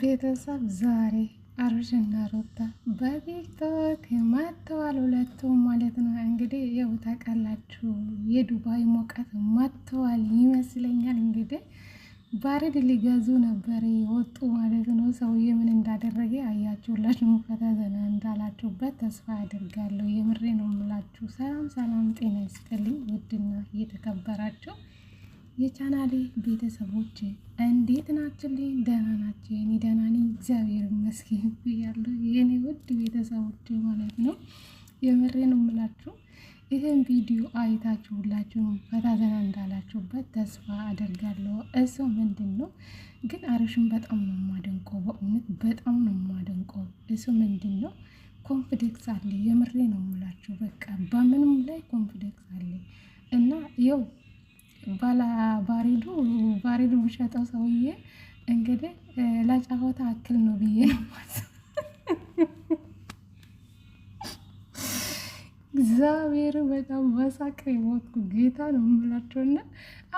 ቤተሰብ ዛሬ አብርሽና ሩታ በቲክቶክ መጥተዋል፣ ሁለቱም ማለት ነው። እንግዲህ ያው ታውቃላችሁ የዱባይ ሙቀት መጥተዋል ይመስለኛል። እንግዲህ ባረድ ሊገዙ ነበር ወጡ ማለት ነው። ሰውዬ ምን እንዳደረገ አያችሁላችሁ። ሙቀት ዘና እንዳላችሁበት ተስፋ አድርጋለሁ። የምሬ ነው የምላችሁ። ሰላም ሰላም፣ ጤና ይስጥልኝ ውድና እየተከበራችሁ የቻናሌ ቤተሰቦች እንዴት ናችሁልኝ? ደህና ናችሁ? እኔ ደህና ነኝ እግዚአብሔር ይመስገን ብያለሁ። የኔ ውድ ቤተሰቦች ማለት ነው። የምሬ ነው የምላችሁ። ይህን ቪዲዮ አይታችሁ ሁላችሁም ፈታ እንዳላችሁበት ተስፋ አደርጋለሁ። እሱ ምንድን ነው ግን አብርሽን በጣም ነው የማደንቀው፣ በእውነት በጣም ነው የማደንቀው። እሱ ምንድን ነው ኮንፊደንስ አለ። የምሬ ነው የምላችሁ በቃ በምን ባሬዱ ባሬዱ የሚሸጠው ሰውዬ እንግዲህ ለጫወታ አክል ነው ብዬ ነው እግዚአብሔር በጣም በሳቅ የሞትኩ ጌታ ነው የምላቸውና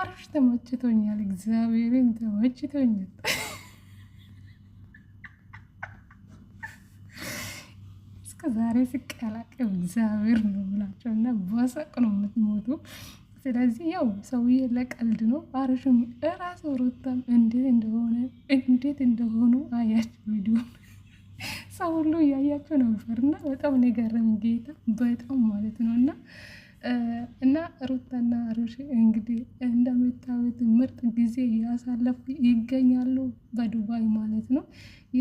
አርሽ ተመችቶኛል። እግዚአብሔርን ተመችቶኛል። እስከ ዛሬ ስቀላቀብ እግዚአብሔር ነው እና በሳቅ ነው የምትሞቱ። ስለዚህ ያው ሰውዬ ለቀልድ ነው። አርሽም እራስ ሩታም እንዴት እንደሆነ እንዴት እንደሆኑ አያችሁ ቪዲዮ ሰው ሁሉ እያያቸው ነበር እና በጣም ነገረም ጌታ በጣም ማለት ነው እና እና ሩታና አርሽ እንግዲህ እንደምታዩት ምርጥ ጊዜ እያሳለፉ ይገኛሉ፣ በዱባይ ማለት ነው።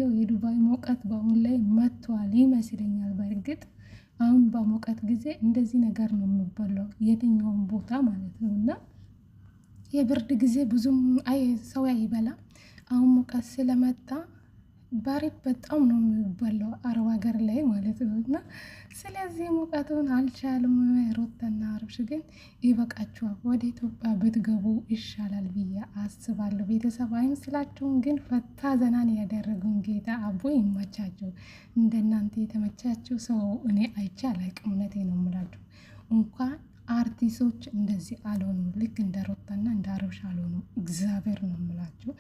ያው የዱባይ ሙቀት በአሁን ላይ መጥቷል ይመስለኛል በእርግጥ አሁን በሙቀት ጊዜ እንደዚህ ነገር ነው የምበላው የትኛውም ቦታ ማለት ነው። እና የብርድ ጊዜ ብዙም ሰው አይበላም። አሁን ሙቀት ስለመጣ ባሪፍ በጣም ነው የሚበላው አረብ ሀገር ላይ ማለት ነው። እና ስለዚህ ሙቀቱን አልቻልም። ሮተና አብርሽ ግን ይበቃችኋል፣ ወደ ኢትዮጵያ ብትገቡ ይሻላል ብዬ አስባለሁ። ቤተሰብ አይመስላችሁም? ግን ፈታ ዘናን ያደረጉን ጌታ አቦ ይመቻቸው። እንደናንተ የተመቻቸው ሰው እኔ አይቼ አላቅም። ነው የምላችሁ እንኳን አርቲስቶች እንደዚህ አልሆኑም። ልክ እንደ ሮተና እንደ አብርሽ አልሆኑም። እግዚአብሔር ነው የምላችሁ።